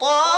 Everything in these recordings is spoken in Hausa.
哦。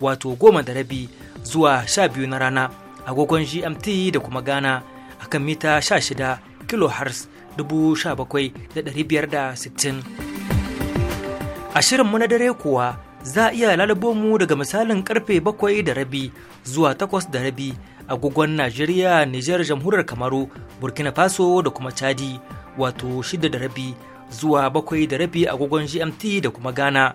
wato goma da rabi zuwa sha biyu na rana agogon gmt da kuma ghana a kan mita sha shida kilohertz dubu sha bakwai da dari biyar da sittin a shirinmu na dare kuwa za a iya lalubo mu daga misalin karfe bakwai da rabi zuwa takwas da rabi agogon najeriya nijar jamhuriyar kamaru burkina faso da kuma chadi wato shida da rabi zuwa bakwai da rabi agogon gmt da kuma ghana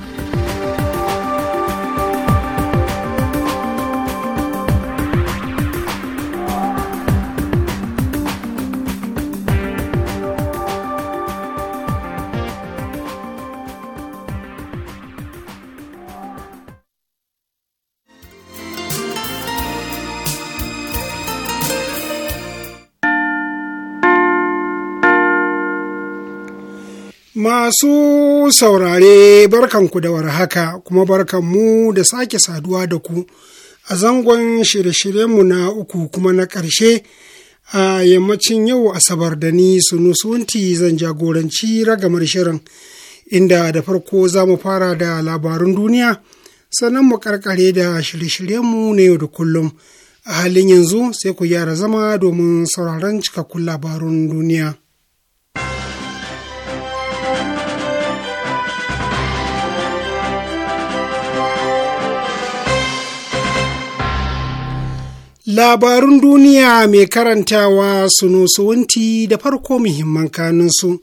Masu saurare barkanku da warhaka kuma barkanmu da sake saduwa da ku a zangon shirye-shiryenmu na uku kuma na ƙarshe a yammacin yau Asabar da ni su wunti zan jagoranci ragamar shirin inda da farko za mu fara da labarun duniya sannan mu karkare da shirye-shiryenmu na yau da kullum a halin yanzu sai ku gyara zama domin sauraron cikakkun labarun duniya. Labarun duniya mai karantawa su suwunti da farko muhimman kanunsu.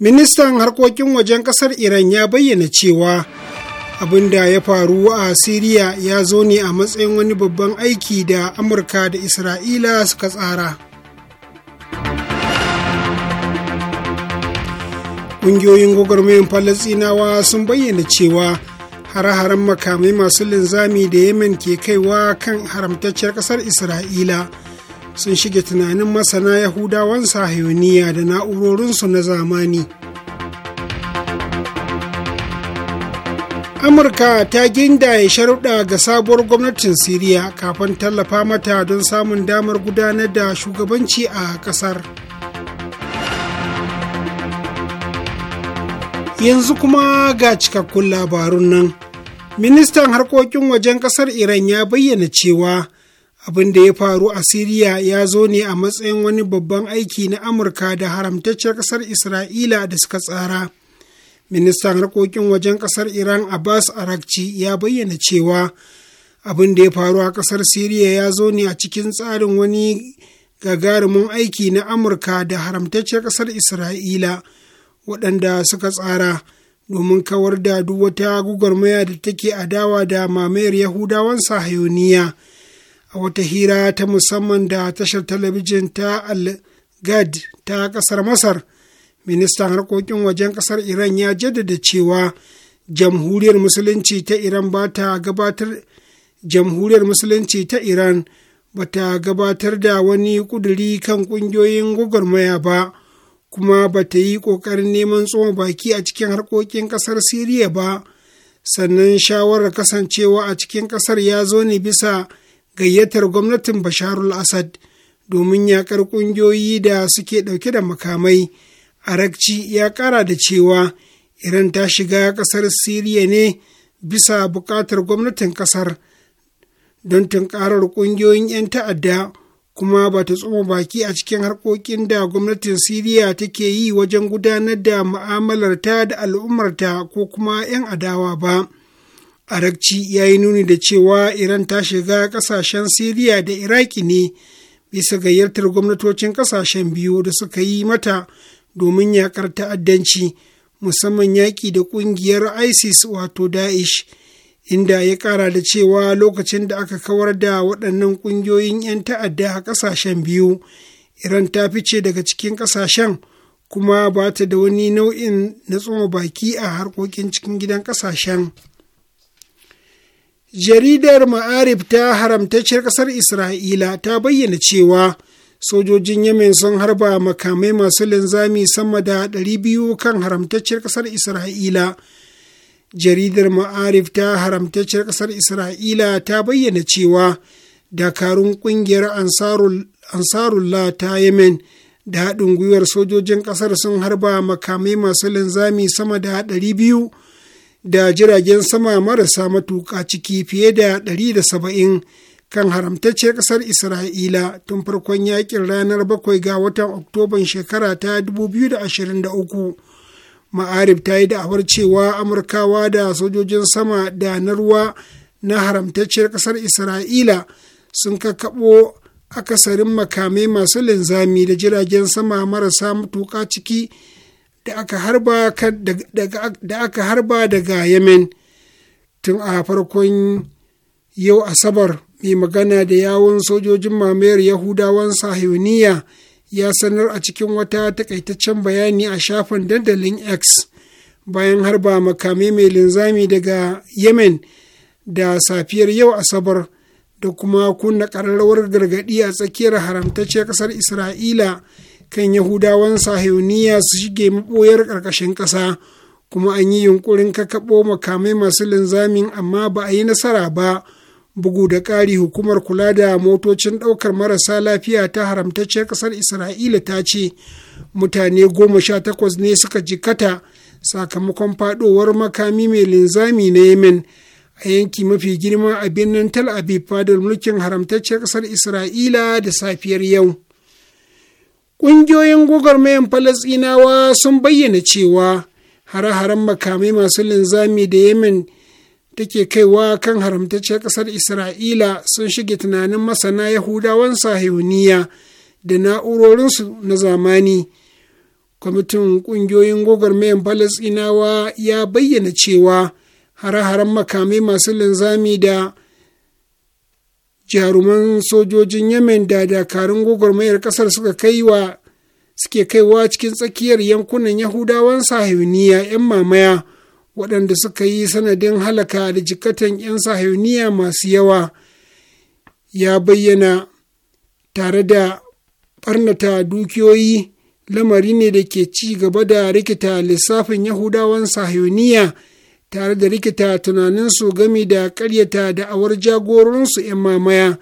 Ministan harkokin wajen ƙasar Iran ya bayyana cewa abin da ya faru a Siriya ya zo ne a matsayin wani babban aiki da Amurka da Isra'ila suka tsara. Ƙungiyoyin gwagwarmayin Falasinawa sun bayyana cewa hare-haren makamai masu linzami da yemen ke kaiwa kan haramtacciyar ƙasar isra'ila sun shige tunanin masana yahudawan sahayoniya da na'urorinsu na zamani amurka ta gindaye sharuɗa ga sabuwar gwamnatin siriya kafin tallafa mata don samun damar gudanar da shugabanci a ƙasar yanzu kuma ga cikakkun labarun nan ministan harkokin wajen kasar iran ya bayyana cewa abin da ya faru a siriya ya zo ne a matsayin wani babban aiki na amurka da haramtacciyar kasar isra'ila da suka tsara ministan harkokin wajen kasar iran abbas arakci ya bayyana cewa abin da ya faru a kasar siriya ya zo ne a cikin tsarin wani gagarumin aiki na amurka da haramtacciyar kasar isra'ila waɗanda suka tsara domin kawar da duk wata gugarmaya da take adawa da mamayar yahudawan sahayoniya a wata hira ta musamman da tashar talabijin ta al-gad ta kasar masar ministan harkokin wajen kasar iran ya jaddada cewa jamhuriyar musulunci ta iran ba ta gabatar jamhuriyar musulunci ta iran ba ta gabatar da wani kuduri kan kungiyoyin maya ba kuma ba ta yi ƙoƙarin neman tsoma baki a cikin harkokin ƙasar siriya ba sannan shawarar kasancewa a cikin ƙasar ya zo ne bisa gayyatar gwamnatin basharul asad domin yaƙar ƙungiyoyi da suke ɗauke da makamai arakci ya ƙara da cewa iran ta shiga ƙasar siriya ne bisa buƙatar gwamnatin ƙasar don tunkarar ƙungiyoyin 'yan ta'adda kuma ba ta tsoma baki a cikin harkokin da gwamnatin siriya take yi wajen gudanar da ma'amalarta da al'ummarta ko kuma 'yan adawa ba arakci ya yi nuni da cewa iran ta shiga kasashen siriya da iraki ne bisa gayyatar gwamnatocin kasashen biyu da suka yi mata domin yakar ta'addanci musamman yaƙi da ƙungiyar isis wato daesh inda ya kara da cewa lokacin da aka kawar da waɗannan ƙungiyoyin 'yan ta'adda a ƙasashen biyu iran ta fice daga cikin ƙasashen kuma ba ta da wani nau'in na tsoma baki a harkokin cikin gidan ƙasashen jaridar ma'arif ta haramtacciyar ƙasar isra'ila ta bayyana cewa sojojin yamin sun harba makamai masu linzami sama da 200 kan haramtacciyar ƙasar isra'ila jaridar ma'arif ta haramtacciyar ƙasar isra'ila ta bayyana cewa dakarun ƙungiyar ansarullah ta yemen da haɗin gwiwar sojojin ƙasar sun harba makamai masu linzami sama da 200 da jiragen sama marasa matuƙa ciki fiye da 170 kan haramtacciyar ƙasar isra'ila tun farkon yakin ranar 7 ga watan oktoban shekara ta 2023 ma'arif ta yi da'awar cewa amurkawa da sojojin sama da na ruwa na haramtacciyar ƙasar isra'ila sun kakaɓo akasarin makamai masu linzami da jiragen sama marasa matuƙa ciki da aka harba daga yemen tun a farkon yau asabar mai magana da yawon sojojin mamayar yahudawan sahiyoniya ya sanar a cikin wata takaitaccen bayani a shafin dandalin x bayan harba makamai mai linzami daga yemen da safiyar yau asabar da kuma kunna ƙararrawar gargadi a tsakiyar haramtacciyar ƙasar isra'ila kan yahudawan sahiyoniya su shige maɓoyar ƙarƙashin ƙasa kuma an yi yunkurin kakaɓo makamai masu linzamin amma ba a yi nasara ba. bugu da ƙari hukumar kula da motocin ɗaukar marasa lafiya ta haramtacciyar ƙasar isra'ila ta ce mutane goma sha takwas ne suka jikata sakamakon faɗowar makami mai linzami na yemen a yanki mafi girma a birnin tel aviv fadar mulkin haramtacciyar ƙasar isra'ila da safiyar yau ƙungiyoyin gwagwarmayan falasɗinawa sun bayyana cewa hare-haren makamai masu linzami da yemen take kaiwa kan haramtacciyar ƙasar isra'ila sun shige tunanin masana yahudawan sahihuniya da na'urorinsu na zamani kwamitin ƙungiyoyin gwagwarmayan falasinawa ya bayyana cewa hare-haren makamai masu linzami da jaruman sojojin yemen da dakarun gwagwarmayar ƙasar suka kaiwa suke kaiwa cikin tsakiyar yankunan yahudawan sahihuniya 'yan mamaya waɗanda suka yi sanadin halaka da jikatan 'yan sahiyoniya masu yawa ya bayyana tare da ɓarnata dukiyoyi lamari ne da ke ci gaba da rikita lissafin yahudawan sahiyoniya tare da rikita tunaninsu gami da ƙaryata awar jagoransu 'yan mamaya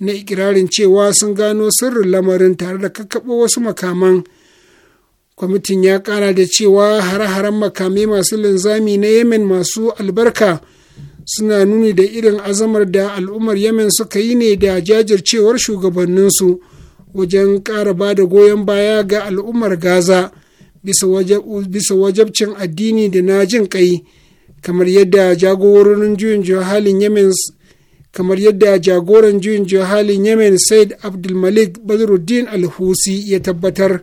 na ikirarin cewa sun gano sirrin lamarin tare da kakkaɓo wasu makaman. kwamitin ya kara da cewa har haren makamai masu linzami na yemen masu albarka suna nuni da irin azamar da al'ummar yemen suka yi ne da jajircewar shugabanninsu wajen kara ba da goyon baya ga al'ummar gaza bisa wajabcin addini da na jin kai kamar yadda jagororin juyin halin yemen kamar yadda jagoran juyin halin yemen said abdulmalik badruddin alhusi ya tabbatar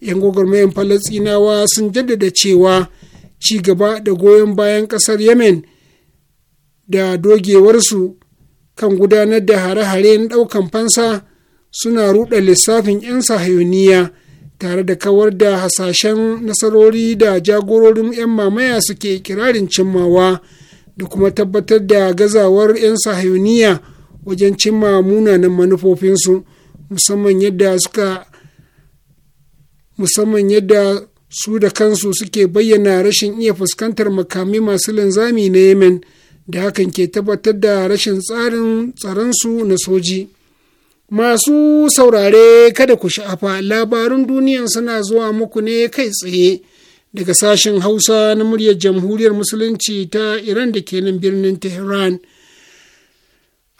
'yan gwagwarmayan falasinawa sun jaddada cewa ci gaba da goyon bayan kasar yemen da dogewarsu kan gudanar da hare-hare na ɗaukan fansa suna ruɗa lissafin 'yan sahayoniya tare da kawar da hasashen nasarori da jagororin 'yan mamaya suke kirarin cimmawa da kuma tabbatar da gazawar 'yan sahayoniya wajen cimma munanan manufofinsu musamman yadda suka musamman yadda su da kansu suke bayyana rashin iya fuskantar makami masu linzami na yemen da hakan ke tabbatar da rashin tsarin tsaronsu na soji masu saurare kada ku sha'afa labarun duniyan suna zuwa muku ne kai tsaye daga sashen hausa na muryar jamhuriyar musulunci ta iran da ke nan birnin tehran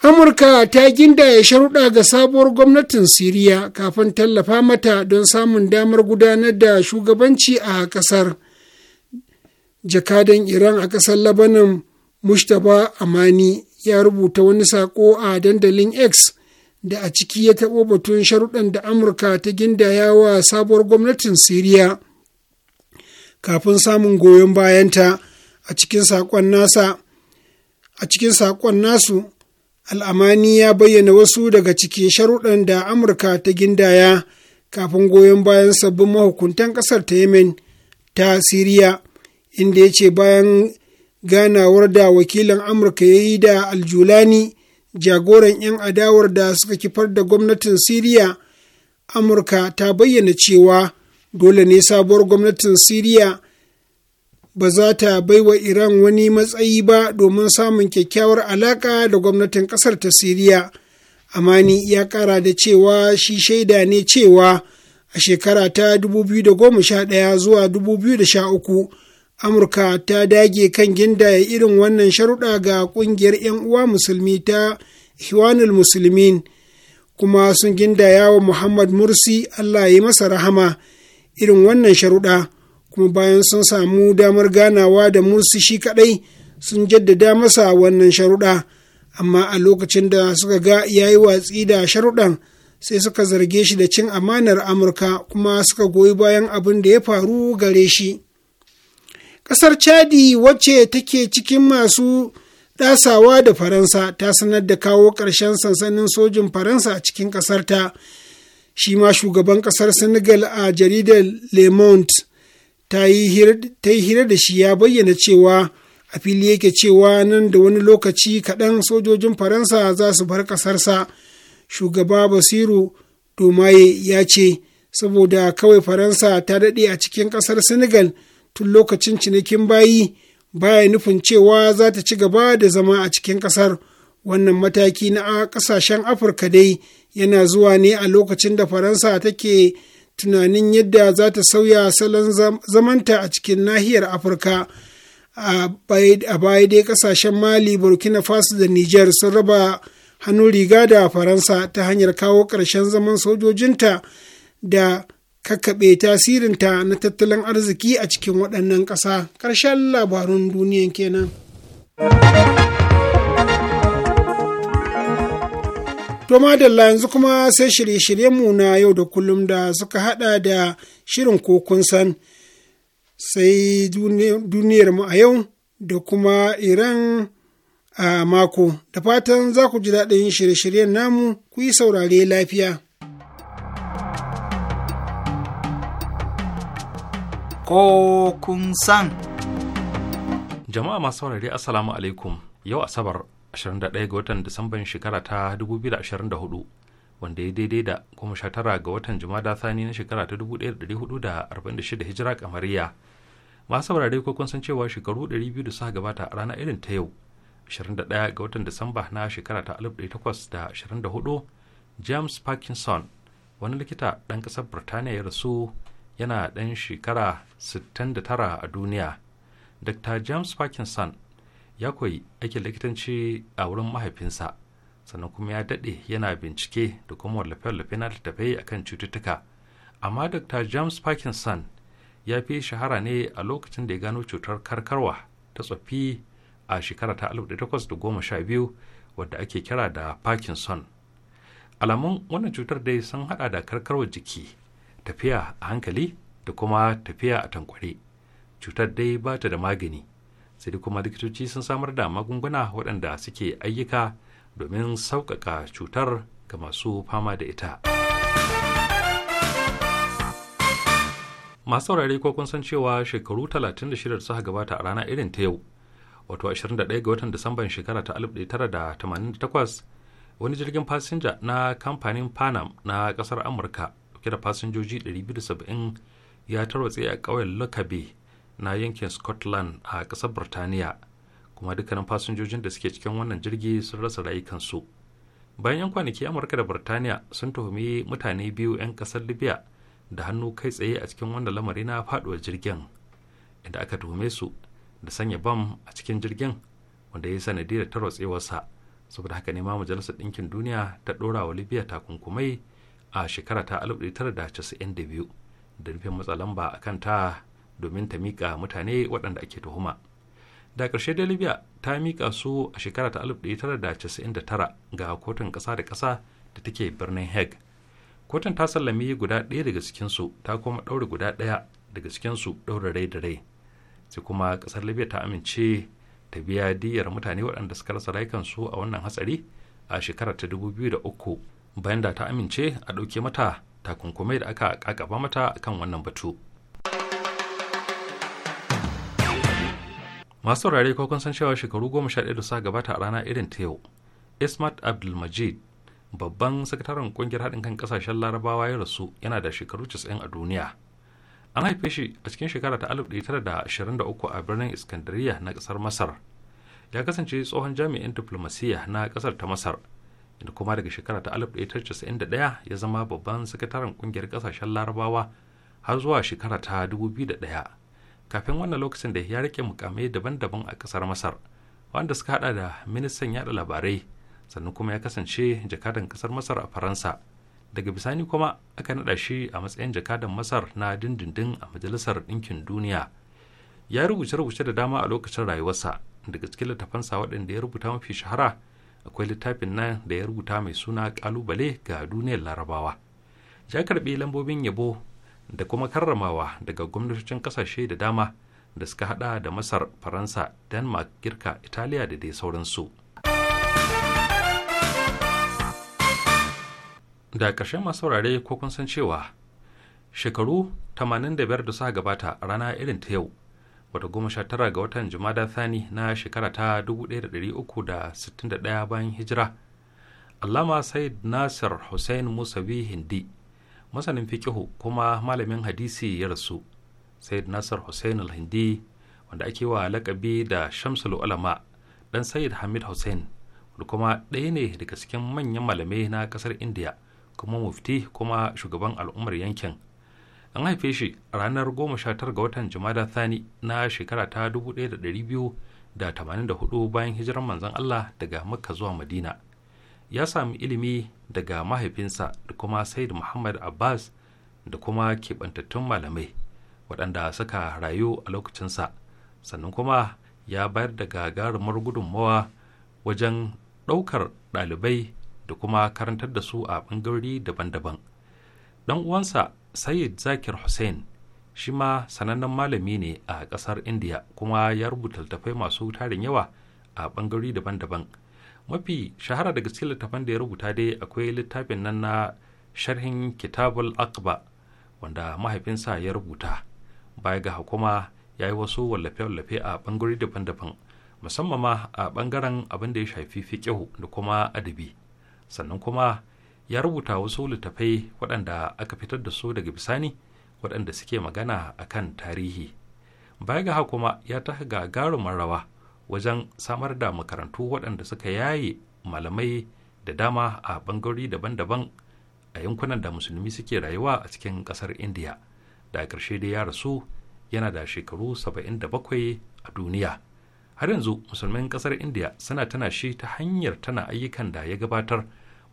Amurka ta gindaya sharuɗa ga sabuwar gwamnatin Siriya kafin tallafa mata don samun damar gudanar da shugabanci a ƙasar. Jakadan Iran a ƙasar Labanan Mustapha Amani ya rubuta wani saƙo a dandalin X da a ciki ya taɓo batun sharuɗan da Amurka ta gindaya wa sabuwar gwamnatin Siriya kafin samun goyon bayanta A cikin saƙon nasu al'amani ya bayyana wasu daga cikin sharuɗan da amurka ta gindaya kafin goyon bayan sabbin mahukuntan ƙasar ta yemen ta siriya inda ya ce bayan ganawar da wakilin amurka ya yi da aljulani jagoran 'yan adawar da suka kifar da gwamnatin siriya amurka ta bayyana cewa dole ne sabuwar gwamnatin siriya ba za ta baiwa Iran wani matsayi ba domin samun kyakkyawar alaka da gwamnatin ƙasar ta Siriya. ni ya ƙara da cewa shi shaida ne cewa a shekara ta 2011 zuwa 2013 Amurka ta dage kan gindaya irin wannan sharuɗa ga ƙungiyar 'yan uwa musulmi ta Hiwanul Musulmin kuma sun gindaya wa Muhammad Mursi Allah ya masa rahama irin wannan sharuɗa. kuma bayan sun samu damar ganawa da mursi shi kaɗai sun jaddada masa wannan sharuɗa amma a lokacin da suka ga ya yi watsi da sharuɗan sai suka zarge shi da cin amanar amurka kuma suka goyi bayan abin da ya faru gare shi ƙasar chadi wacce take cikin masu ɗasawa da faransa ta sanar da kawo ƙarshen sansanin sojin faransa a cikin ƙasarta shi ma shugaban ƙasar senegal a jaridar le monde ta yi hira da shi ya bayyana cewa a fili yake cewa nan da wani lokaci kaɗan sojojin faransa za su bar ƙasarsa shugaba basiru domaye ya ce saboda kawai faransa ta daɗe a cikin ƙasar senegal tun lokacin cinikin bayi baya nufin cewa za ta ci gaba da zama a cikin ƙasar wannan mataki na ƙasashen afirka dai yana zuwa ne a lokacin da faransa take tunanin yadda za ta sauya salon zamanta a cikin nahiyar afirka a baya dai kasashen mali burkina faso da niger sun raba hannun riga da faransa ta hanyar kawo ƙarshen zaman sojojinta da kakkaɓe tasirinta na tattalin arziki a cikin waɗannan ƙasa ƙarshen labarun duniyan kenan. To madalla yanzu kuma sai shirye-shiryenmu na yau da kullum da suka haɗa da shirin kokun san sai duniyarmu a yau da kuma Iran a mako. Da fatan za ku ji daɗin shirye-shiryen namu ku yi saurare lafiya. Kokun san. Jama'a masu saurare Assalamu alaikum yau Asabar 21 ga watan disamban shekara ta 2024 wanda ya daidai da 19 ga watan jumada thani na shekara ta 1446 hijira kamariya masu saurare ko kun san cewa shekaru 200 da suka gabata a ranar irin ta yau 21 ga watan disamba na shekara ta 1824 james parkinson wani likita ɗan ƙasar birtaniya ya rasu yana ɗan shekara 69 a duniya dr james parkinson ya koyi ake likitanci a wurin mahaifinsa sannan kuma ya daɗe yana bincike da kuma wallafe-wallafe na littattafai kan cututtuka amma dr james parkinson ya fi shahara ne a lokacin da ya gano cutar karkarwa ta tsoffi a shekara ta 1812 wadda ake kira da parkinson alamun wannan cutar dai sun hada da karkarwar jiki tafiya a hankali da kuma tafiya a tankware cutar dai ba ta da magani sai kuma likitoci sun samar da magunguna waɗanda suke ayyuka domin sauƙaƙa cutar ga masu fama da ita masu saurare ko kun san cewa shekaru 36 suka gabata a rana irin ta yau wato 21 ga watan disamban shekara ta 1988 wani jirgin fasinja na kamfanin panam na kasar amurka dauke da fasinjoji 270 ya tarwatse a ƙauyen lokabe na yankin scotland a ƙasar birtaniya kuma dukkanin fasinjojin da suke cikin wannan jirgi sun rasa rayukansu bayan 'yan kwanaki amurka da birtaniya sun tuhumi mutane biyu 'yan ƙasar libya da hannu kai tsaye a cikin wannan lamari na faɗuwar jirgin inda aka tuhume su da sanya bam a cikin jirgin wanda ya yi sanadiyar tarwatsewarsa saboda haka ne ma majalisar ɗinkin duniya ta ɗora wa libya takunkumai a shekara ta 1992 da rufin matsa a kan ta domin ta mika mutane waɗanda ake tuhuma da ƙarshe da libya ta mika su a shekara ta 1999 ga kotun ƙasa da ƙasa da take birnin hague kotun ta sallami guda ɗaya daga cikinsu ta kuma ɗaure guda ɗaya daga cikinsu ɗaure rai da rai sai kuma ƙasar libya ta amince ta biya diyar mutane waɗanda suka rasa rayukansu a wannan hatsari a shekara ta 2003 bayan da ta amince a ɗauke mata takunkumai da aka ƙaƙaba mata akan wannan batu. masu saurari ko kun san cewa shekaru goma sha ɗaya da sa gabata a rana irin ta yau ismat abdulmajid babban sakataren kungiyar haɗin kan ƙasashen larabawa ya rasu yana da shekaru 90 a duniya an haife shi a cikin shekara ta 1923 a birnin iskandariya na ƙasar masar ya kasance tsohon jami'in diflomasiyya na ƙasar ta masar inda kuma daga shekara ta 1991 ya zama babban sakataren kungiyar kasashen larabawa har zuwa shekara ta 2001 kafin wannan lokacin da ya rike mukamai daban-daban a kasar masar wanda suka hada da ministan yada labarai sannan kuma ya kasance jakadan kasar masar a faransa daga bisani kuma aka nada shi a matsayin jakadan masar na dindindin a majalisar ɗinkin duniya ya rubuce rubuce da dama a lokacin rayuwarsa daga cikin littafansa waɗanda ya rubuta mafi shahara akwai littafin nan da ya rubuta mai suna ƙalubale ga duniyar larabawa ya karbi lambobin yabo da kuma karramawa daga gwamnatocin kasashe da dama da suka hada da masar faransa denmark girka italiya da dai sauransu da ƙarshen masu saurare ko kun san cewa shekaru 85 da suka gabata rana irin ta yau wata goma sha tara ga watan jumada thani na shekara ta 1361 bayan hijira allama said nasir hussein musavi hindi masanin fikihu kuma malamin hadisi ya rasu sayyid nasar hussein al-hindi wanda ake wa lakabi da shamsul ulama dan sayyid hamid hussein wanda kuma ɗaya ne daga cikin manyan malamai na ƙasar indiya kuma mufti kuma shugaban al'ummar yankin an haife shi a ranar 19 ga watan jumada thani na shekara ta 1284 bayan hijirar manzon allah daga makka zuwa madina ya sami ilimi daga mahaifinsa da kuma said muhammad abbas da kuma keɓantattun malamai waɗanda suka rayu a lokacinsa sannan kuma ya bayar da gagarumar gudunmawa wajen ɗaukar ɗalibai da kuma karantar da su a ɓangarori daban-daban ɗan uwansa sayid zakir hussein shi ma sanannen malami ne a ƙasar indiya kuma ya rubuta littattafai masu tarin yawa a ɓangarori daban-daban mafi shahara daga cikin littafan da ya rubuta dai akwai littafin nan na sharhin kitabul akba wanda mahaifinsa ya rubuta baya ga hukuma ya yi wasu wallafe-wallafe a bangare daban-daban musamman ma a bangaren abin da ya shafi fiƙihu da kuma adabi sannan kuma ya rubuta wasu littafai waɗanda aka fitar da su daga bisani waɗanda suke magana akan tarihi baya ga kuma ya taka gagarumin rawa wajen samar da makarantu waɗanda suka yaye malamai da dama a bangarori daban-daban a yankunan da musulmi suke rayuwa a cikin ƙasar indiya da ƙarshe dai ya rasu yana da shekaru 77 a duniya har yanzu musulmin ƙasar indiya suna tana shi ta hanyar tana ayyukan da ya gabatar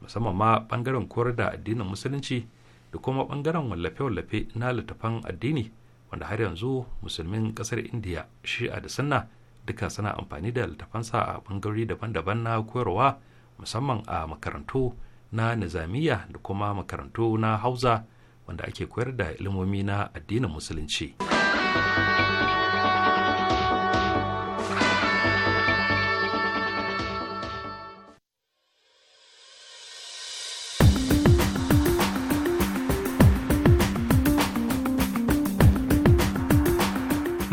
musamman ma ɓangaren koyar da addinin musulunci da kuma ɓangaren wallafe-wallafe na littattafan addini wanda har yanzu musulmin ƙasar indiya shi'a da sunna duka suna amfani da littafansa a bangarori daban-daban na koyarwa musamman a makarantu na nizamiya da kuma makarantu na hausa wanda ake koyar da ilimomi na addinin musulunci.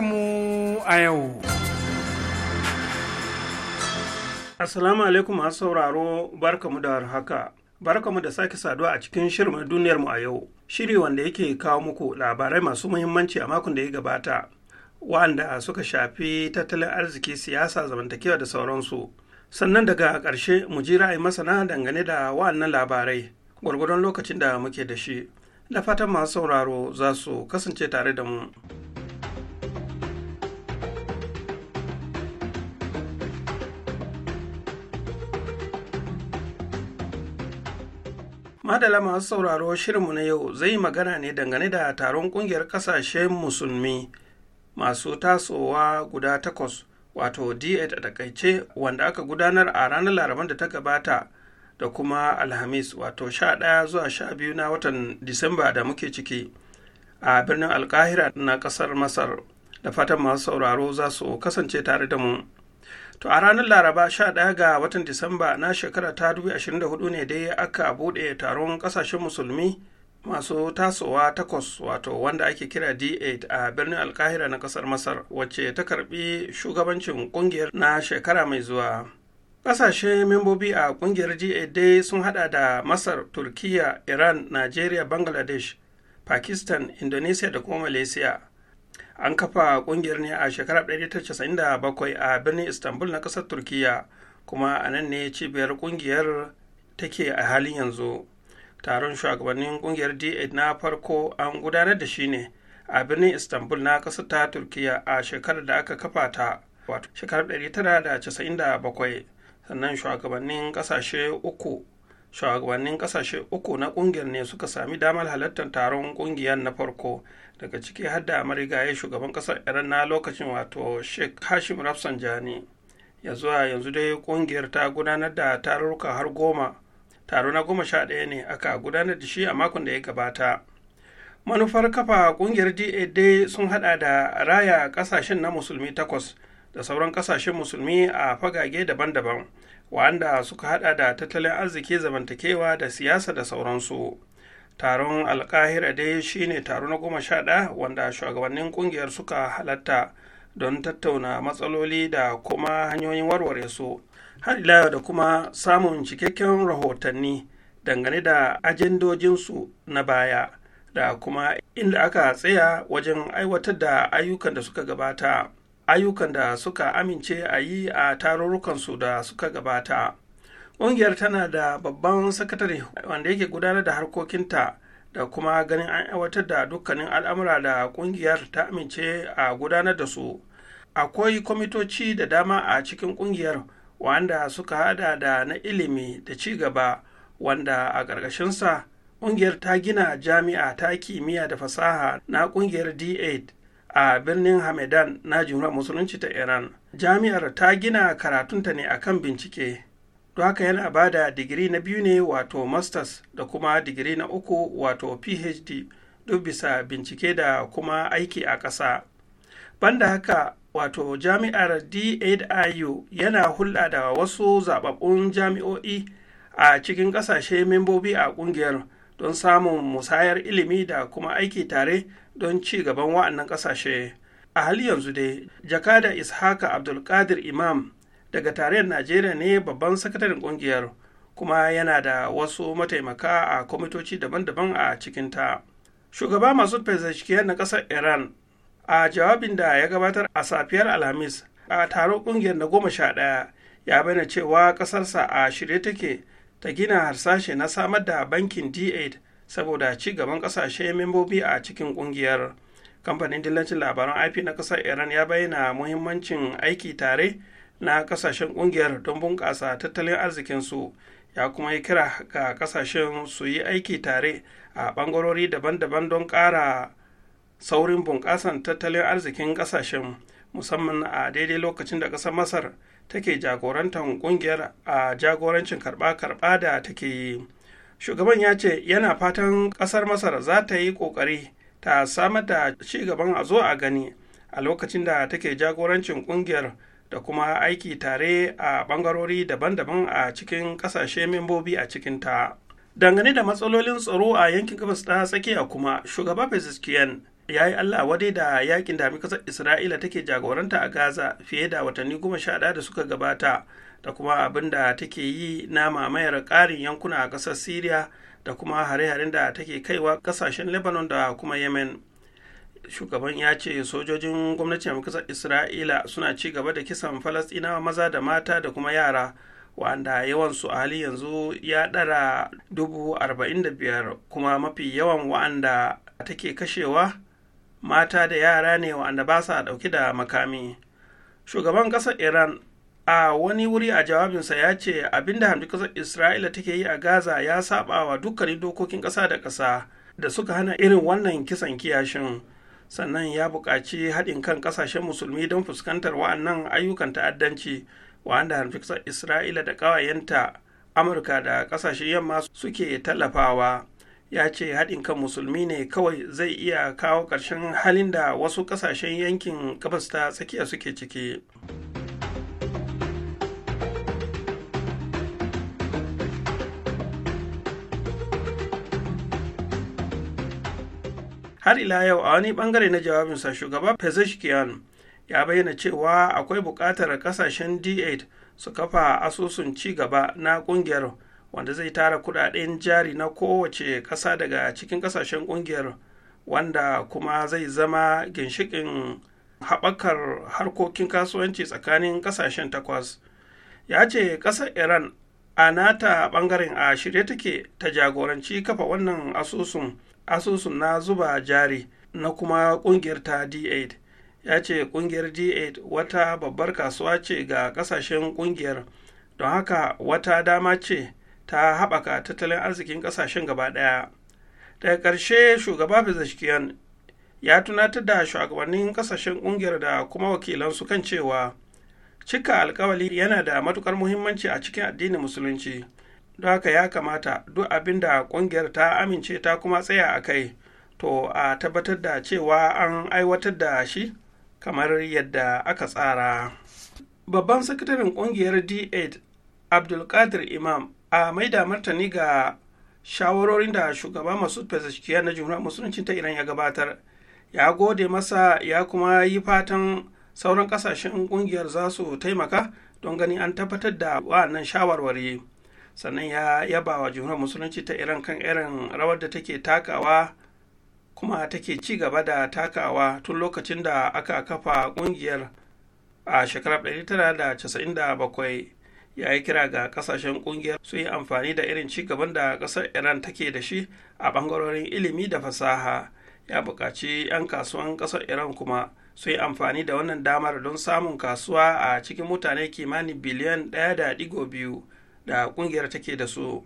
mu a yau. Assalamu alaikum masu sauraro barkamu da haka. Barkamu da sake saduwa a cikin shirin mu a yau. Shiri wanda yake kawo muku labarai masu muhimmanci a makon da ya gabata, wanda suka shafi tattalin arziki, siyasa, zamantakewa da sauransu. Sannan daga ƙarshe mu ji ra'ayi masana dangane da wa'annan labarai, gwargwadon lokacin da muke da shi. Da fatan masu sauraro za su kasance tare da mu. madala masu sauraro shirinmu na yau zai yi magana ne dangane da taron kungiyar kasashen musulmi masu tasowa guda takwas wato d8 a takaice wanda aka gudanar a ranar laraban da ta gabata da kuma alhamis wato 11 zuwa sha biyu na watan disamba da muke ciki a birnin alkahira na kasar masar da fatan masu sauraro za su kasance tare da mu. to a ranar laraba 11 ga watan disamba na shekara ta 2024 ne dai aka buɗe taron ƙasashen musulmi masu tasowa takwas wato wanda ake kira d8 a birnin alkahira na ƙasar masar wacce ta karbi shugabancin ƙungiyar na shekara mai zuwa Ƙasashe membobi a ƙungiyar G8 dai sun haɗa da Masar, Turkiya, Iran, Najeriya, Bangladesh, Pakistan, Indonesia da kuma Malaysia. an kafa kungiyar ne a shekarar 1997 a birnin istanbul na kasar turkiya kuma a nan ne cibiyar kungiyar take a halin yanzu taron shugabannin kungiyar d8 na farko an gudanar da shi ne a birnin istanbul na kasar ta turkiya a shekarar da aka kafa ta wato shekarar 1997 sannan shugabannin kasashe uku shugabannin kasashe uku na kungiyar ne suka sami damar halartar taron kungiyar na farko daga ciki har da marigaye shugaban kasar iran na lokacin wato sheikh hashim rafsanjani ya zuwa yanzu dai kungiyar ta gudanar da tarurruka har goma taro na goma sha ɗaya ne aka gudanar da shi a makon da ya gabata manufar kafa kungiyar da dai sun hada da raya kasashen na musulmi takwas da sauran kasashen musulmi a fagage daban-daban wanda suka hada da tattalin arziki zamantakewa da siyasa da sauransu taron alkahira dai shine taro na goma sha wanda shugabannin kungiyar suka halatta don tattauna matsaloli da kuma hanyoyin warware su har ila da kuma samun cikakken rahotanni dangane da ajendojinsu na baya da kuma inda aka tsaya wajen aiwatar da ayyukan da suka gabata ayyukan da suka amince a yi a tarurrukansu da suka gabata ƙungiyar tana da babban sakatare wanda yake gudanar da harkokinta da kuma ganin an aiwatar da dukkanin al'amura da ƙungiyar ta amince a gudanar da su akwai kwamitoci da dama a cikin ƙungiyar wanda suka hada da na ilimi da ci gaba wanda a ƙarƙashinsa ƙungiyar ta gina jami'a ta kimiyya da fasaha na ƙungiyar d8 a birnin hamedan na jimhuriyar musulunci ta iran jami'ar ta gina karatunta ne akan bincike don haka yana ba da digiri na biyu ne wato masters da kuma digiri na uku wato phd duk bisa bincike da kuma aiki a ƙasa banda haka wato jami'ar diu yana hulɗa da wasu zaɓaɓɓun jami'o'i a cikin ƙasashe membobi a ƙungiyar don samun musayar ilimi da kuma aiki tare don ci gaban wa'annan ƙasashe a hali yanzu dai jakada ishaka abdulkadir imam daga tarayyar najeriya ne babban sakataren kungiyar kuma yana da wasu mataimaka a kwamitoci daban-daban a cikinta shugaba masu pezeshkiyan na ƙasar iran a jawabin da ya gabatar a safiyar alhamis a taron kungiyar na goma sha ɗaya ya bayyana cewa ƙasarsa a shirye take ta gina harsashe na samar da bankin d8 saboda ci gaban ƙasashe membobi a cikin kungiyar kamfanin dillancin labaran ip na ƙasar iran ya bayyana muhimmancin aiki tare na kasashen kungiyar don bunƙasa tattalin arzikinsu ya kuma yi kira ga kasashen su yi aiki tare a ɓangarori daban-daban don ƙara saurin bunƙasan tattalin arzikin kasashen musamman a daidai lokacin da ƙasar masar take jagorantar kungiyar a jagorancin karɓa-karɓa da take yi shugaban ya ce yana fatan ƙasar masar za ta yi ƙoƙari ta samar da ci gaban a zo a gani a lokacin da take jagorancin kungiyar da kuma aiki tare a bangarori daban-daban a cikin kasashe membobi a cikin ta. Dangane da matsalolin tsaro a yankin gabas ta tsakiya kuma shugaba Pezeshkian ya yi Allah wadai da yakin dami kasar Isra'ila take jagoranta a Gaza fiye da watanni goma sha da suka gabata da kuma abin da take yi na mamayar ƙarin yankuna a ƙasar Siriya da kuma hare-haren da take kaiwa ƙasashen Lebanon da kuma Yemen. shugaban ya ce sojojin gwamnatin kasar isra'ila suna ci gaba da kisan falastinawa maza da mata da kuma yara wanda yawansu a hali yanzu ya ɗara dubu arba'in biyar kuma mafi yawan wa'anda take kashewa mata da yara ne wa'anda ba sa ɗauki da makami shugaban ƙasar iran a wani wuri a jawabinsa ya ce abinda hamdi ƙasar isra'ila take yi a gaza ya saba wa dukkanin dokokin ƙasa da ƙasa da suka hana irin wannan kisan kiyashin sannan ya buƙaci haɗin kan ƙasashen musulmi don fuskantar wa'annan ayyukan ta'addanci wa'anda harfiksar isra'ila da ƙawayenta amurka da ƙasashen yamma suke tallafawa ya ce haɗin kan musulmi ne kawai zai iya kawo ƙarshen halin da wasu ƙasashen yankin gabas ta tsakiya suke ciki. har ila yau a wani bangare na jawabinsa shugaba pezeshkian ya bayyana cewa akwai buƙatar kasashen d8 su kafa asusun ci gaba na ƙungiyar wanda zai tara kudaden jari na kowace ƙasa daga cikin ƙasashen ƙungiyar wanda kuma zai zama ginshikin haɓakar harkokin kasuwanci tsakanin ƙasashen takwas ya ce ƙasar iran a nata ɓangaren a shirye take ta jagoranci kafa wannan asusun asusun na zuba jari na kuma kungiyar ta d8 ya ce kungiyar d8 wata babbar kasuwa ce ga kasashen kungiyar don haka wata dama ce ta haɓaka tattalin arzikin kasashen gaba ɗaya daga ƙarshe shugaba Pezeshkian ya tunatar da shugabannin kasashen kungiyar da kuma wakilansu kan cewa cika alkawali yana da matukar muhimmanci a cikin addinin musulunci don haka ya kamata duk abin da ƙungiyar ta amince ta kuma tsaya a kai to a tabbatar da cewa an aiwatar da shi kamar yadda aka tsara babban sakataren kungiyar d8 abdulkadir imam a mai maida martani ga shawarorin da shugaba masu pezeshkiya na jumhuriyar musulunci ta iran ya gabatar ya gode masa ya kuma yi fatan sauran kasashen kungiyar za su taimaka don gani an tabbatar da wa'annan shawarwari sannan ya yaba wa jumhuriyar musulunci ta iran kan irin rawar da take takawa kuma take ci gaba da takawa tun lokacin da aka kafa kungiyar a shekarar 1997 ya yi kira ga kasashen kungiyar su yi amfani da irin ci gaban da kasar iran take da shi a bangarorin ilimi da fasaha ya buƙaci 'yan kasuwan kasar iran kuma su yi amfani da wannan damar don samun kasuwa a cikin mutane kimanin biliyan 1.2 da kungiyar take da su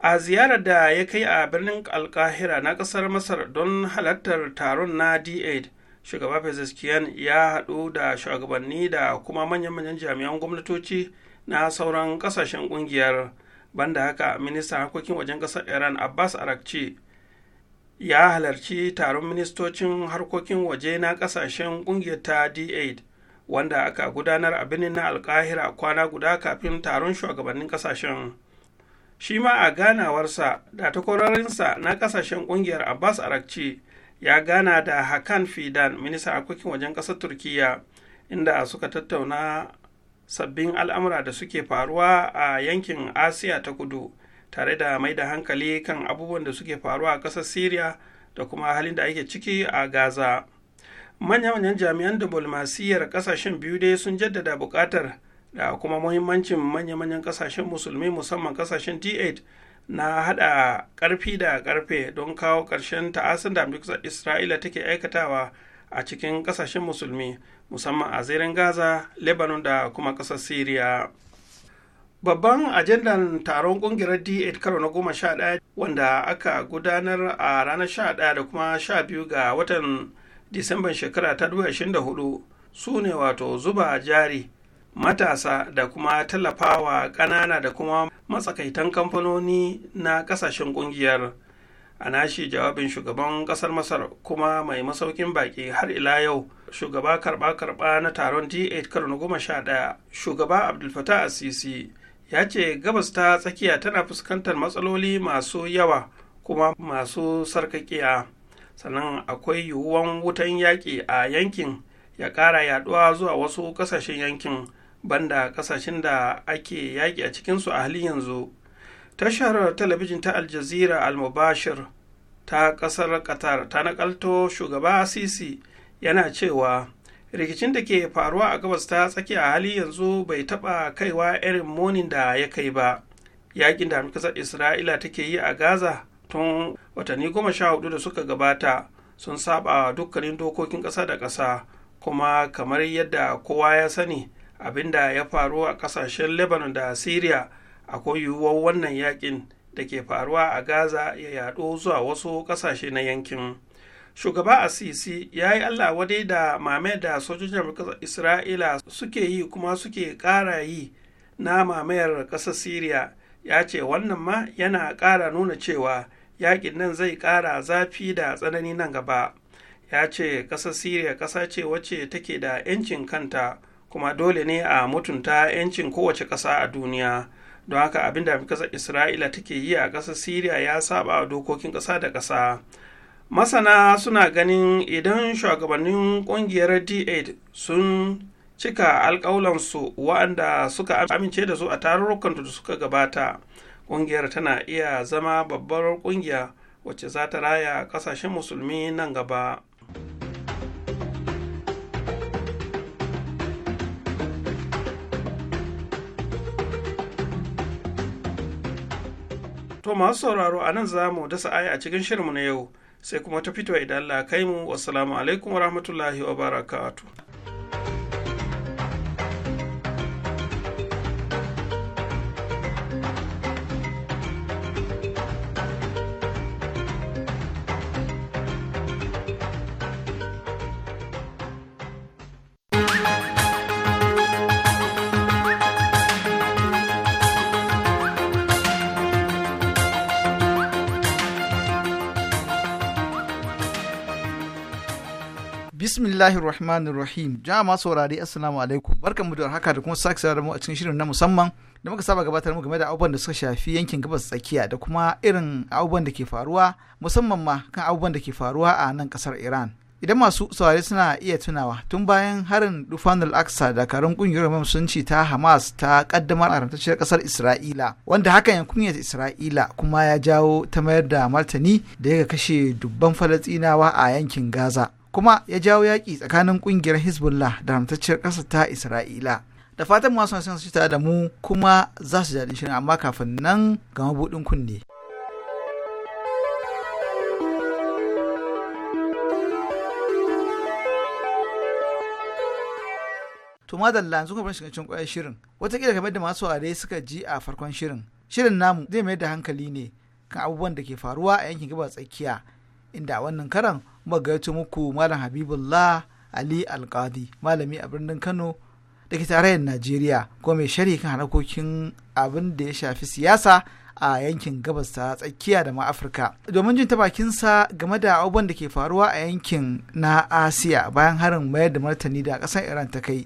a ziyarar da ya kai a birnin alkahira na kasar masar don halartar taron na d8 shugaba ya haɗu da shugabanni da kuma manyan-manyan jami'an gwamnatoci na sauran kasashen ƙungiyar banda haka ministan harkokin wajen kasar iran abbas arakci ya halarci taron ministocin harkokin waje na ƙasashen ƙungiyar ta d8 wanda aka gudanar a birnin na alkahira kwana guda kafin taron shugabannin kasashen shi ma a ganawarsa da takwarorinsa na kasashen kungiyar abbas arakci ya gana da hakan fidan minista harkokin wajen kasar turkiya inda suka tattauna sabbin al'amura da suke faruwa a yankin asiya ta kudu tare da mai da hankali kan abubuwan da suke faruwa a ƙasar syria da kuma halin da ake ciki a gaza manya-manyan jami'an diplomasiyyar kasashen biyu dai sun jaddada bukatar da kuma muhimmancin manya-manyan kasashen musulmi musamman kasashen t8 na hada karfi da karfe don kawo ƙarshen ta'asin da isra'ila take aikatawa a cikin kasashen musulmi musamman a zirin gaza lebanon da kuma kasar syria babban ajandan taron kungiyar d8 karo na goma sha ɗaya wanda aka gudanar a ranar sha ɗaya da kuma sha biyu ga watan disamban shekara ta hudu su ne wato zuba jari matasa da kuma tallafawa ƙanana da kuma matsakaitan kamfanoni na ƙasashen ƙungiyar a nashi jawabin shugaban ƙasar masar kuma mai masaukin baƙi har ila yau shugaba karɓa-karɓa na taron d8 karo na goma sha ɗaya shugaba abdulfatah asisi ya ce gabas ta tsakiya tana fuskantar matsaloli masu yawa kuma masu sarkakiya sannan akwai yiwuwan wutan yaƙi a yankin ya ƙara yaɗuwa zuwa wasu ƙasashen yankin banda ƙasashen da ake yaƙi a cikinsu a halin yanzu tashar talabijin ta aljazira almubashir ta ƙasar qatar ta nakalto shugaba sisi yana cewa rikicin da ke faruwa a gabas ta tsaki a hali yanzu bai taɓa kaiwa irin munin da ya kai ba yaƙin da ƙasar isra'ila take yi a gaza tun watanni goma sha hudu da suka gabata sun saba dukkanin dokokin ƙasa da ƙasa kuma kamar yadda kowa ya sani abin da ya faru a ƙasashen lebanon da syria akwai yiwuwar wannan yakin da ke faruwa a gaza ya yaɗo zuwa wasu ƙasashe na yankin shugaba asisi ya yi allah wadai da mame da sojojin isra'ila suke yi kuma suke ƙara yi na mamayar ƙasar syria ya ce wannan ma yana ƙara nuna cewa yakin nan zai ƙara zafi da tsanani nan gaba ya ce ƙasar siriya ƙasa ce wacce take da 'yancin kanta kuma dole ne a mutunta 'yancin kowace ƙasa a duniya don haka abin da ƙasar isra'ila take yi a ƙasar siriya ya saba dokokin ƙasa da ƙasa masana suna ganin idan shugabannin ƙungiyar d8 sun cika alƙawulansu wa'anda suka amince da su a tarurrukan da suka gabata ƙungiyar tana iya zama babbar ƙungiya wacce za ta raya ƙasashen musulmi nan gaba to masu sauraro a nan za mu dasa aya a cikin shirinmu na yau sai kuma ta fito idan Allah kai mu wasu alaikum wa wa barakatuh Bismillahirrahmanirrahim. Rahmanir saurari Assalamu alaikum. Barkanmu da haka da kuma sake saurare mu a cikin shirin na musamman da muka saba gabatar mu game da abubuwan da suka shafi yankin gabas tsakiya da kuma irin abubuwan da ke faruwa musamman ma kan abubuwan da ke faruwa a nan kasar Iran. Idan masu saurari suna iya tunawa tun bayan harin Dufanul Aqsa da karin kungiyar musulunci ta Hamas ta kaddamar a kasar Isra'ila wanda hakan ya kungiyar Isra'ila kuma ya jawo ta mayar da martani da ya kashe dubban Falastinawa a yankin Gaza. kuma ya jawo yaƙi tsakanin ƙungiyar hezbollah da haramtacciyar ƙasa ta isra'ila da fatan masu son su da mu kuma za su jaɗin shirin amma kafin nan ga mabuɗin kunne. to madalla yanzu kuma shiga cikin ƙwayar shirin watakila game da masu ware suka ji a farkon shirin shirin namu zai mayar da hankali ne kan abubuwan da ke faruwa a yankin gabas tsakiya inda a wannan karan muka gaito muku malam habibullah ali alkadi malami a birnin kano da ke tarayyar najeriya ko mai sharhi kan harkokin abin da ya shafi siyasa a yankin gabas ta tsakiya da ma afirka domin jin ta bakinsa game da abubuwan da ke faruwa a yankin na asiya bayan harin mayar da martani da ƙasar iran ta kai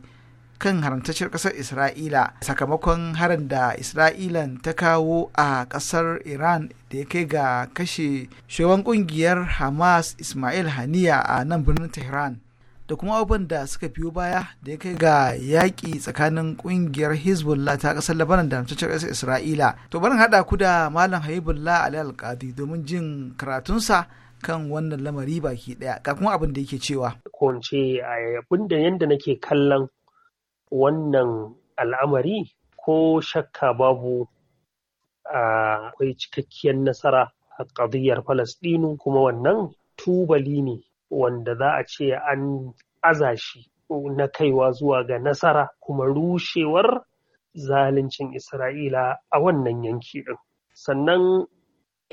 kan haramtacciyar ƙasar isra'ila sakamakon harin da isra'ila ta kawo a ƙasar iran da ya kai ga kashe shugaban ƙungiyar hamas ismail haniya a nan birnin tehran da kuma abin da suka biyo baya da ya kai ga yaƙi tsakanin ƙungiyar hezbollah ta ƙasar labanan da hamsaccen ƙasar isra'ila to barin haɗa ku da malam habibullah ali alƙadi domin jin karatunsa kan wannan lamari baki ɗaya ga kuma abin da yake cewa ko in ce abin da yanda nake kallon wannan al'amari ko shakka babu akwai cikakkiyar nasara a ƙadiyar Falasɗinu kuma wannan tubali ne wanda za a ce an aza shi na kaiwa zuwa ga nasara kuma rushewar zaluncin Isra'ila a wannan yanki ɗin. Sannan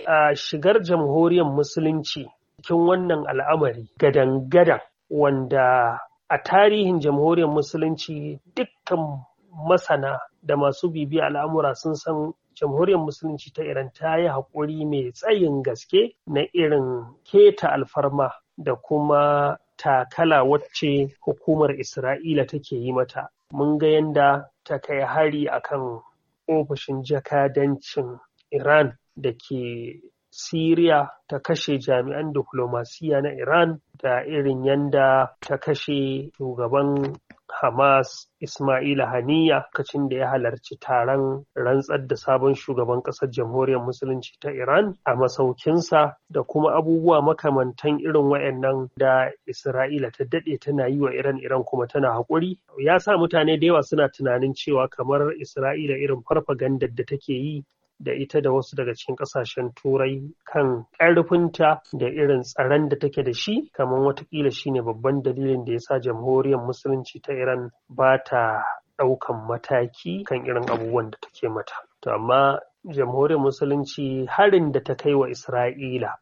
a shigar jamhuriyar Musulunci cikin wannan al'amari gadan-gadan wanda a tarihin jamhuriyar musulunci dukkan masana da masu bibiya al'amura sun san jamhuriyar musulunci ta iran ta yi haƙuri mai tsayin gaske na irin keta alfarma da kuma takala wacce hukumar isra'ila take yi mata mun ga yadda ta kai hari akan ofishin jakadancin iran da ke Siriya ta kashe jami'an diflomasiyya na Iran da irin yanda ta kashe shugaban Hamas Ismaila Haniya kacin da ya halarci taron rantsar da sabon shugaban ƙasar jamhuriyar musulunci ta Iran a masaukinsa da kuma abubuwa makamantan irin wayannan da Isra'ila ta daɗe tana yi wa Iran Iran kuma tana haƙuri. Ya sa mutane da yawa suna tunanin cewa kamar Isra'ila irin farfagandar da take yi da ita da wasu daga cikin kasashen turai kan ƙarfinta da irin tsaron da take da shi kamar watakila shine babban dalilin da ya sa jamhuriyar musulunci ta iran ba ta ɗaukan mataki kan irin abubuwan da take mata to amma jamhuriyar musulunci harin da ta kai wa isra'ila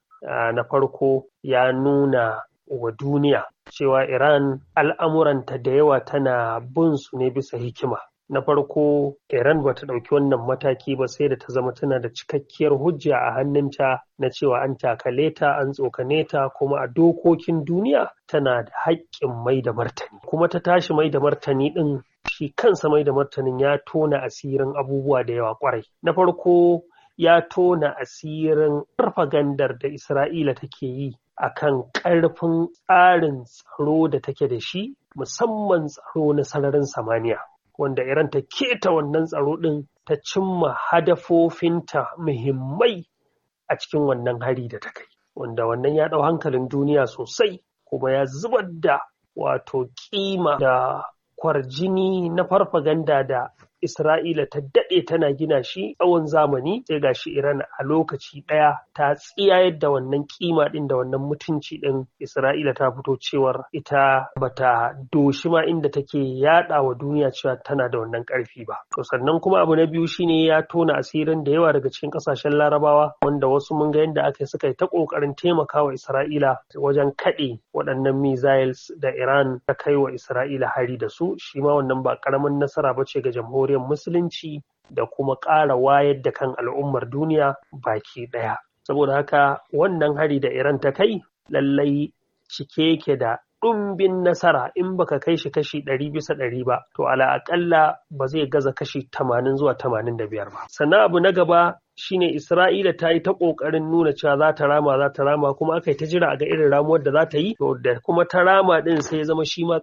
na farko ya nuna wa duniya cewa iran al'amuranta da yawa tana bin su ne bisa hikima na farko iran ba ta ɗauki wannan mataki ba sai da ta zama tana da cikakkiyar hujja a hannunta na cewa an takale ta an tsokane ta kuma a dokokin duniya tana da haƙƙin mai da martani kuma ta tashi mai da martani ɗin shi kansa mai da martanin ya tona asirin abubuwa da yawa kwarai na farko ya tona asirin farfagandar da isra'ila take yi a kan ƙarfin tsarin tsaro da take da shi musamman tsaro na sararin samaniya wanda Iran ta keta wannan tsaro ɗin ta cimma hadafofinta muhimmai a cikin wannan hari da ta kai wanda wannan ya ɗau hankalin duniya sosai kuma ya zubar da wato kima da kwarjini na farfaganda da Isra'ila ta daɗe tana gina shi tsawon zamani sai ga shi Iran a lokaci ɗaya ta tsiyayar da wannan kima ɗin da wannan mutunci ɗin Isra'ila ta fito cewar ita bata doshi ma inda take yaɗa wa duniya cewa tana da wannan ƙarfi ba. sannan kuma abu na biyu shine ya tona asirin da yawa daga cikin ƙasashen Larabawa wanda wasu mun ga yadda aka suka yi ta ƙoƙarin taimakawa Isra'ila wajen kaɗe waɗannan missiles da Iran ta kai wa Isra'ila hari da su shi ma wannan ba ƙaramin nasara ba ce ga jamhuriyar jamhuriyar musulunci da kuma ƙara wayar da kan al'ummar duniya baki ɗaya. Saboda haka wannan hari da Iran ta kai lallai cike yake da ɗumbin nasara in baka kai shi kashi ɗari bisa ɗari ba to ala aƙalla ba zai gaza kashi tamanin zuwa tamanin da biyar ba. Sannan abu na gaba shine Isra'ila ta yi ta ƙoƙarin nuna cewa za ta rama za ta rama kuma aka yi ta jira ga irin ramuwar da za ta yi da kuma ta rama din sai ya zama shi ma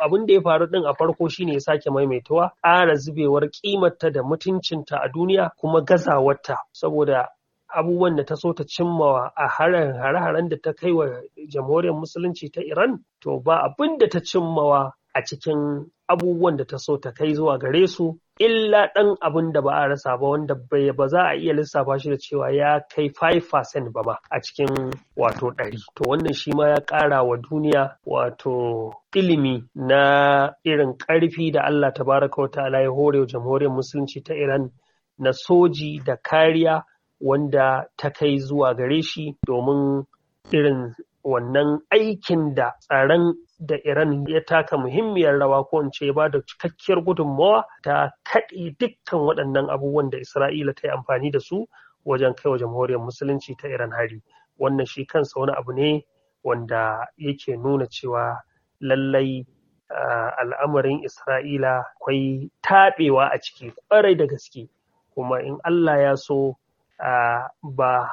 abin da ya faru din a farko shine ya sake maimaituwa ƙara zubewar ƙimarta da mutuncinta a duniya kuma gazawarta saboda abubuwan da ta so ta cimmawa a hare-haren da ta kai wa jamhuriyar musulunci ta Iran to ba abin da ta cimmawa a cikin abubuwan da ta so ta kai zuwa gare su illa ɗan abin da ba a rasa ba wanda ba za a iya lissafa shi da cewa ya kai 5% ba ma a cikin wato ɗari. To wannan shi ma ya ƙara wa duniya wato ilimi na irin ƙarfi da Allah ta wa ta'ala ya hore wa jamhuriyar musulunci ta Iran na soji da kariya wanda ta kai zuwa gare shi domin irin wannan aikin da tsaron da Iran ya taka muhimmiyar rawa ko in ce ba da cikakkiyar gudunmawa ta kaɗi dukkan waɗannan abubuwan da Isra'ila ta yi amfani da su wajen kai wa jamhuriyar musulunci ta Iran hari. Wannan shi kansa wani abu ne wanda yake nuna cewa lallai al'amarin Isra'ila kwai taɓewa a ciki ƙwarai da gaske kuma in Allah ya so ba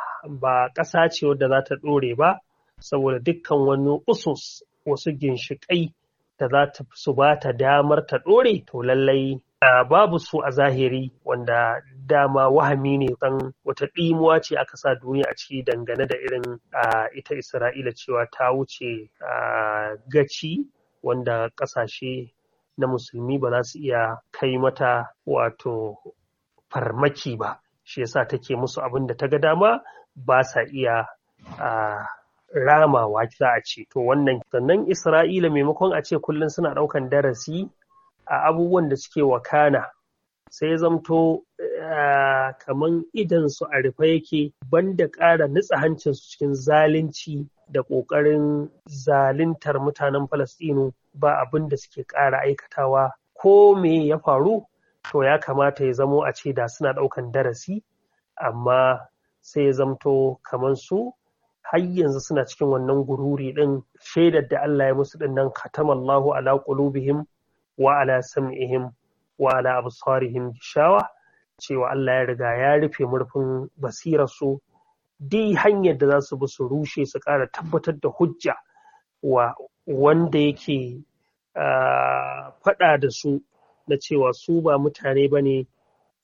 ƙasa ce wadda za ta ɗore ba saboda dukkan wani usus wasu ginshiƙai da za ta su ba ta damar ta ɗore to lallai babu su a zahiri wanda dama wahami ne kan wata ɗimuwa ce aka sa duniya a ciki dangane da irin A ita isra'ila cewa ta wuce gaci wanda ƙasashe na musulmi ba za su iya kai mata wato farmaki ba shi yasa take musu abin da ta ga dama ba sa iya ramawa za a ce to wannan sannan isra'ila maimakon a ce kullum suna ɗaukan darasi a abubuwan da suke wakana sai zamto eh, kaman idan su a rufe yake banda ƙara nutsa su cikin zalunci da ƙoƙarin zaluntar mutanen Falasɗinu ba abin da suke ƙara aikatawa ko me ya faru to ya kamata ya zamo a ce da suna ɗaukan darasi amma sai ya zamto kamar su har yanzu suna cikin wannan gururi din shaidar da Allah ya musu din nan khatamallahu ala qulubihim wa ala sam'ihim wa ala absarihim shawa. cewa Allah ya riga ya rufe murfin basirar su dai hanyar da za su bi su rushe su ƙara tabbatar da hujja wa wanda yake ah, faɗa da su na cewa su ba mutane ba ne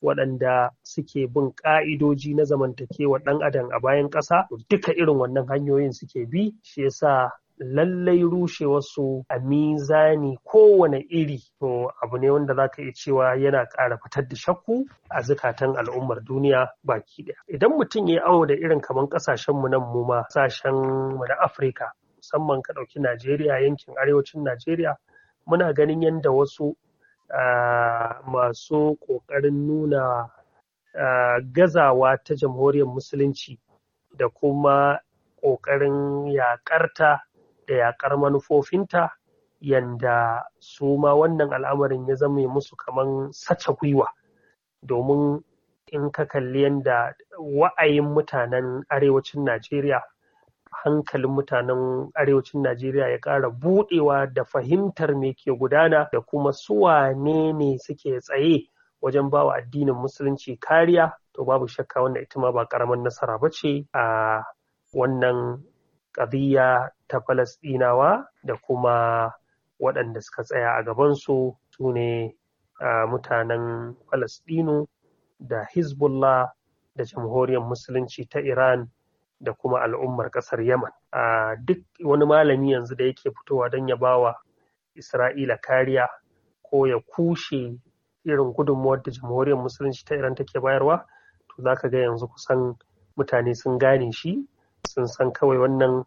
waɗanda suke bin ƙa'idoji na zamantakewa ɗan adam a bayan ƙasa duka irin wannan hanyoyin suke bi shi yasa lallai rushe wasu a mizani kowane iri to abu ne wanda za ka iya cewa yana ƙara fitar da shakku a zukatan al'ummar duniya baki ɗaya idan mutum ya yi awo da irin kaman ƙasashenmu nan mu ma mu na afirka musamman ka ɗauki najeriya yankin arewacin najeriya muna ganin yadda wasu masu ƙoƙarin nuna gazawa ta jamhuriyar musulunci da kuma ƙoƙarin yaƙarta da yaƙar manufofinta yanda su ma wannan al'amarin ya zame musu kaman sace gwiwa domin in ka kalli yanda wa'ayin mutanen arewacin najeriya hankalin mutanen arewacin Najeriya ya ƙara buɗewa da fahimtar me ke gudana da kuma suwane ne suke tsaye wajen bawa addinin musulunci kariya to babu shakka wannan ita ma ba ƙaramin nasara ba ce a wannan ƙadiyya ta Falasɗinawa da kuma waɗanda suka tsaya a gabansu su ne mutanen Falasɗinu da Hezbollah da jamhuriyar musulunci ta Iran da kuma al'ummar ƙasar Yaman. A duk wani malami yanzu da yake fitowa don ya bawa Isra'ila kariya ko ya kushe irin gudunmuwar da jamhuriyar musulunci ta Iran take bayarwa, to za ka ga yanzu kusan mutane sun gane shi, sun san kawai wannan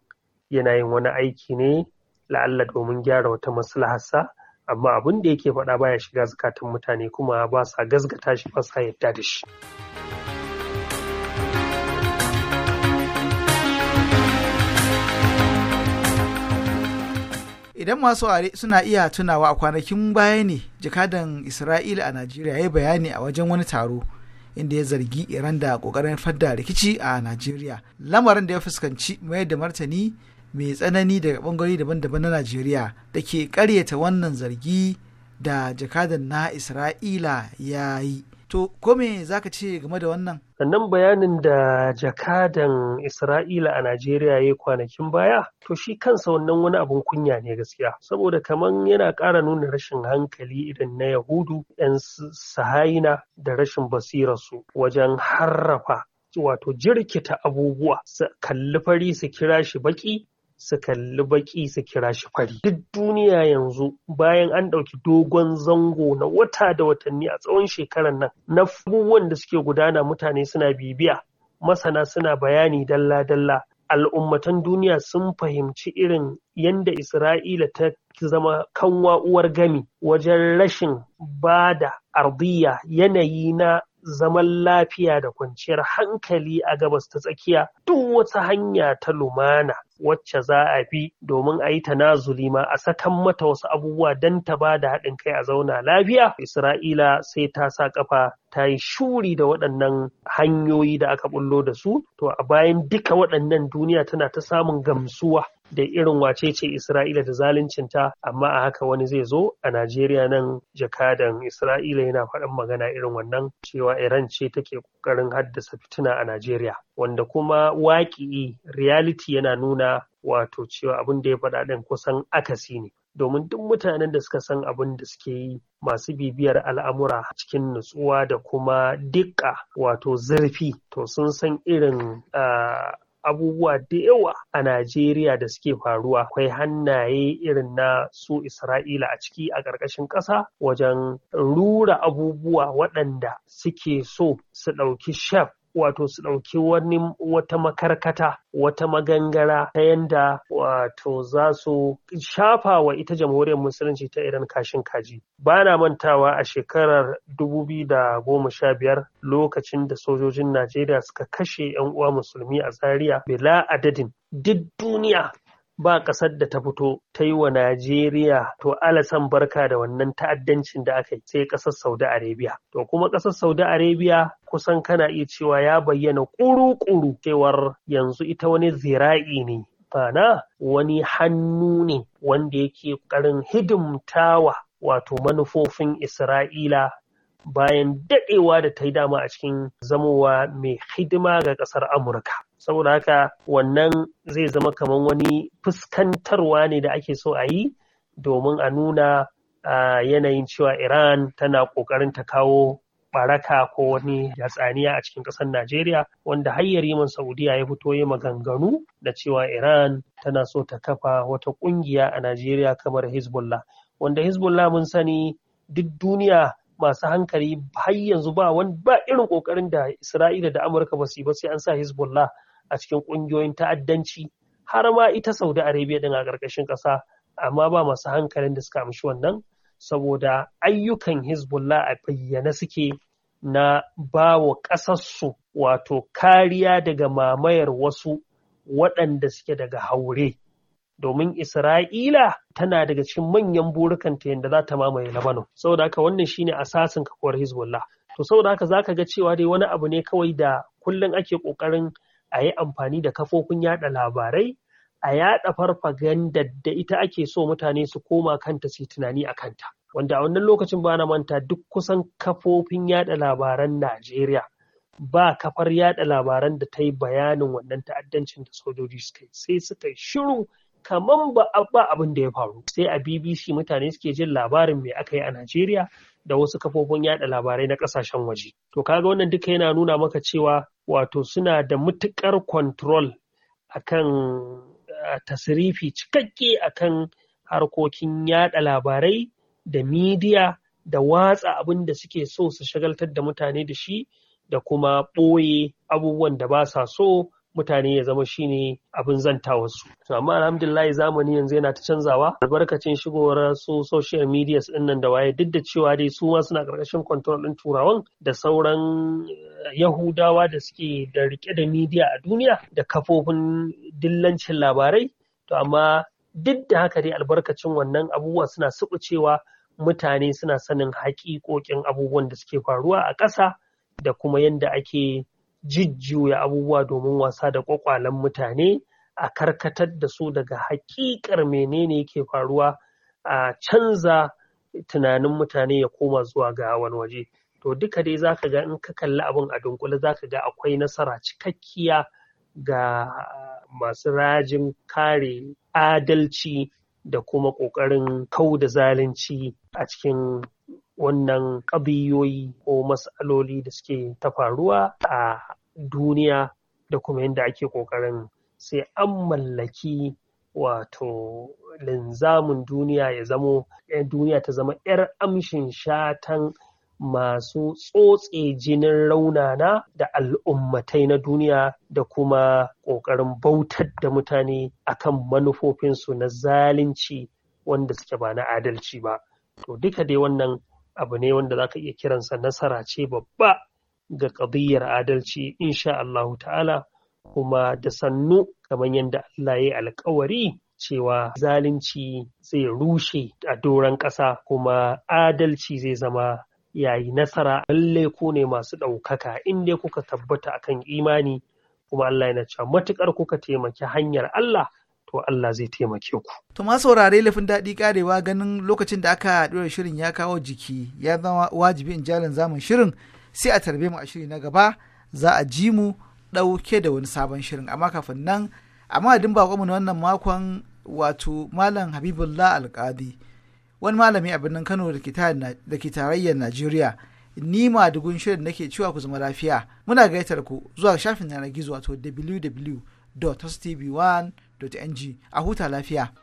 yana yin wani aiki ne la'alla domin gyara wata maslaharsa, amma abin da yake faɗa baya shiga zukatan mutane kuma ba sa gazgata shi ba sa yadda da shi. idan masu ware suna iya tunawa a kwanakin baya ne jakadan isra'ila a najeriya ya yi bayani a wajen wani taro inda ya zargi iran da ƙoƙarin fadda rikici a najeriya lamarin da ya fuskanci mai da martani mai tsanani daga ɓangare daban-daban na najeriya da ke karyata wannan zargi da jakadan na isra'ila ya yi To, ko me za ka ce game da wannan? Sannan bayanin da jakadan Isra'ila a Najeriya ya yi kwanakin baya, to shi kansa wannan wani abin kunya ne gaskiya. Saboda kaman yana ƙara nuna rashin hankali idan na Yahudu, ‘yan sahaina da rashin basirarsu wajen harrafa wato jirkita abubuwa su kalli fari su kira shi baki su kalli baƙi su kira shi fari. Duk duniya yanzu bayan an ɗauki dogon zango na wata da watanni a tsawon shekarar nan na abubuwan da suke gudana mutane suna bibiya masana suna bayani dalla-dalla al'ummatan duniya sun fahimci irin yadda Isra'ila ta zama kanwa uwar gami wajen rashin bada ardiya yanayi na zaman lafiya da kwanciyar hankali a gabas ta tsakiya duk wata hanya ta lumana wacce za a bi domin a yi tanazuli ma a sakan mata wasu abubuwa don ta ba da haɗin kai a zauna lafiya isra'ila sai ta sa ƙafa ta yi shuri da waɗannan hanyoyi da aka bullo da su to a bayan duka waɗannan duniya tana ta samun gamsuwa da irin wace ce Isra'ila da zaluncinta amma a haka wani zai zo a Najeriya nan jakadan Isra'ila yana faɗan magana irin wannan cewa Iran ce take ƙoƙarin haddasa fitina a Najeriya wanda kuma waƙi reality yana nuna wato cewa abin da ya faɗa ɗin kusan akasi ne domin duk mutanen da suka san abin da suke yi masu bibiyar al'amura cikin nutsuwa da kuma dikka wato zurfi to sun san irin abubuwa da yawa a Najeriya da suke faruwa akwai hannaye irin na su Isra'ila a ciki a ƙarƙashin ƙasa wajen rura abubuwa waɗanda suke so su ɗauki shaf wato su ɗauki wani wata makarkata wata magangara ta yanda wato za su shafa wa ita jamhuriyar musulunci ta irin kashin kaji ba na mantawa a shekarar 2015 lokacin da sojojin najeriya suka kashe 'yan uwa musulmi a zaria bila adadin duk duniya ba ƙasar da ta fito ta yi wa Najeriya to alasan barka da wannan ta'addancin da aka yi sai ƙasar Saudi Arabia. To kuma ƙasar Saudi Arabia kusan kana iya cewa ya bayyana ƙuru-ƙuru cewar yanzu ita wani zira'i ne. bana wani hannu ne wanda yake ƙarin hidimtawa wato manufofin Isra'ila bayan daɗewa da ta yi dama a cikin zamowa mai hidima ga ƙasar Amurka. saboda haka wannan zai zama kamar wani fuskantarwa ne da ake so a yi domin a nuna yanayin cewa iran tana ƙoƙarin ta kawo baraka ko wani hatsaniya a cikin ƙasar Najeriya wanda har Yariman Saudiya ya fito ya maganganu da cewa Iran tana so ta kafa wata ƙungiya a Najeriya kamar Hezbollah wanda Hezbollah mun sani duk duniya masu hankali har yanzu ba wani ba irin ƙoƙarin da Isra'ila da Amurka ba su yi ba sai an sa Hezbollah a cikin ƙungiyoyin ta'addanci har ma ita saudi arabia din a ƙarƙashin ƙasa amma ba masu hankalin da suka amshi wannan saboda ayyukan hezbollah a bayyane suke na bawa ƙasarsu wato kariya daga mamayar wasu waɗanda suke daga haure domin isra'ila tana daga cikin manyan burukanta yadda za ta mamaye labanon saboda haka wannan shine asasin kakuwar hezbollah to saboda haka za ka ga cewa dai wani abu ne kawai da kullum ake ƙoƙarin a yi amfani da kafofin yaɗa labarai a yaɗa farfaganda da ita ake so mutane su koma kanta su tunani a kanta wanda a wannan lokacin ba na manta duk kusan kafofin yaɗa labaran Najeriya ba kafar yaɗa labaran da ta yi bayanin wannan ta'addancin da sojoji suka yi sai suka yi shiru kamar ba abin da ya faru sai a BBC mutane suke jin labarin me aka yi a Najeriya da wasu kafofin yada labarai na ƙasashen waje. To kaga wannan duka yana nuna maka cewa wato suna da matuƙar control akan ah, tasirifi cikakke akan harkokin yaɗa labarai da midiya da watsa abin da suke so su shagaltar da mutane da shi da kuma ɓoye abubuwan da ba sa so mutane ya zama shi ne abin zantawarsu. To amma alhamdulillah zamani yanzu yana ta canzawa albarkacin shigowar su social media din nan da waye duk da cewa dai su ma suna ƙarƙashin control ɗin turawan da sauran eh, yahudawa da suke da riƙe da media a duniya da kafofin dillancin labarai to amma duk da haka dai albarkacin wannan abubuwa suna suɓucewa mutane suna sanin haƙiƙoƙin abubuwan da suke faruwa a ƙasa da kuma yadda ake jujjuya abubuwa domin wasa da kwakwalen mutane a karkatar da su daga hakikar menene yake faruwa a canza tunanin mutane ya koma zuwa ga wani waje to duka dai zaka ga in ka kalli abin a dunkule zaka ga akwai nasara cikakkiya ga masu rajin kare adalci da kuma ƙoƙarin kau da zalunci a cikin wannan ƙabiyoyi ko matsaloli da suke ta faruwa a duniya da kuma yadda ake ƙoƙarin sai an mallaki wato linzamin duniya ya zamo eh, duniya ta zama 'yar amshin shatan masu tsotse jinin raunana da al'ummatai na duniya da kuma ƙoƙarin bautar da mutane a kan manufofinsu na zalunci wanda suke ba na adalci ba. To duka dai wannan abu ne wanda za ka iya kiransa nasara ce babba ga ƙadiyyar adalci insha Allahu ta'ala kuma da sannu kamar yadda Allah ya yi alkawari cewa zalunci zai rushe a doron ƙasa kuma adalci zai zama yayi nasara lalle ku ne masu ɗaukaka in dai kuka tabbata akan imani kuma Allah yana cewa matuƙar kuka taimaki hanyar Allah to Allah zai taimake ku. To ma saurare lafin daɗi karewa ganin lokacin da aka ɗora shirin ya kawo jiki ya zama wajibi in jalin zamun shirin sai a tarbe mu a shiri na gaba za a ji mu ɗauke da wani sabon shirin amma kafin nan amma din ba mu na wannan makon wato malam Habibullah Alƙadi wani malami a birnin Kano da ke tarayyar Najeriya ni ma shirin nake cewa ku zama lafiya muna gaitar ku zuwa shafin yanar gizo wato www.tv1 ng a huta lafiya.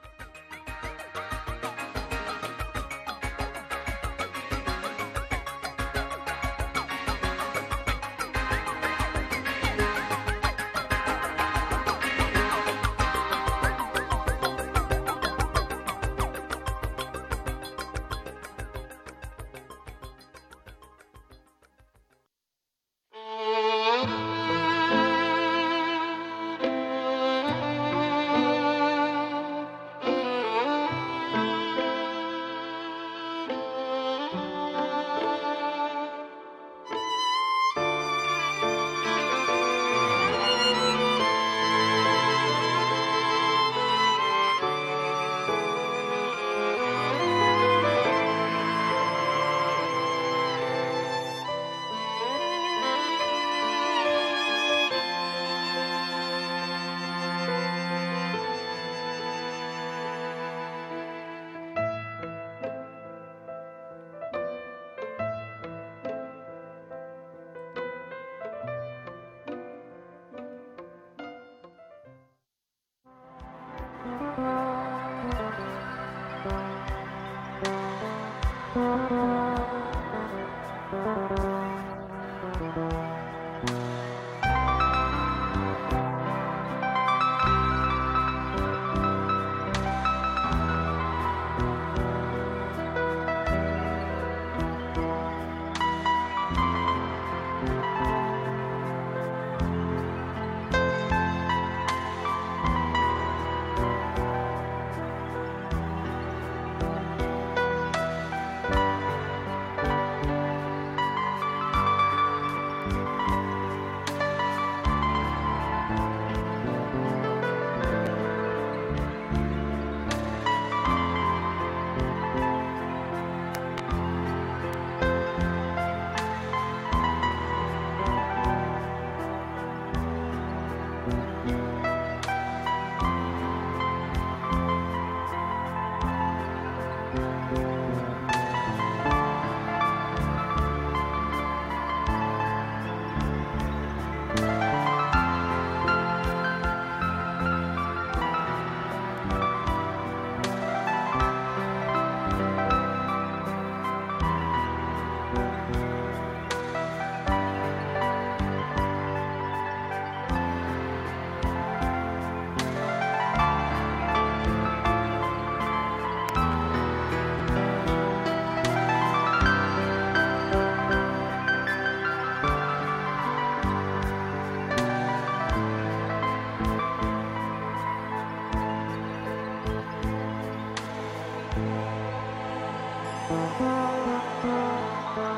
Thank you.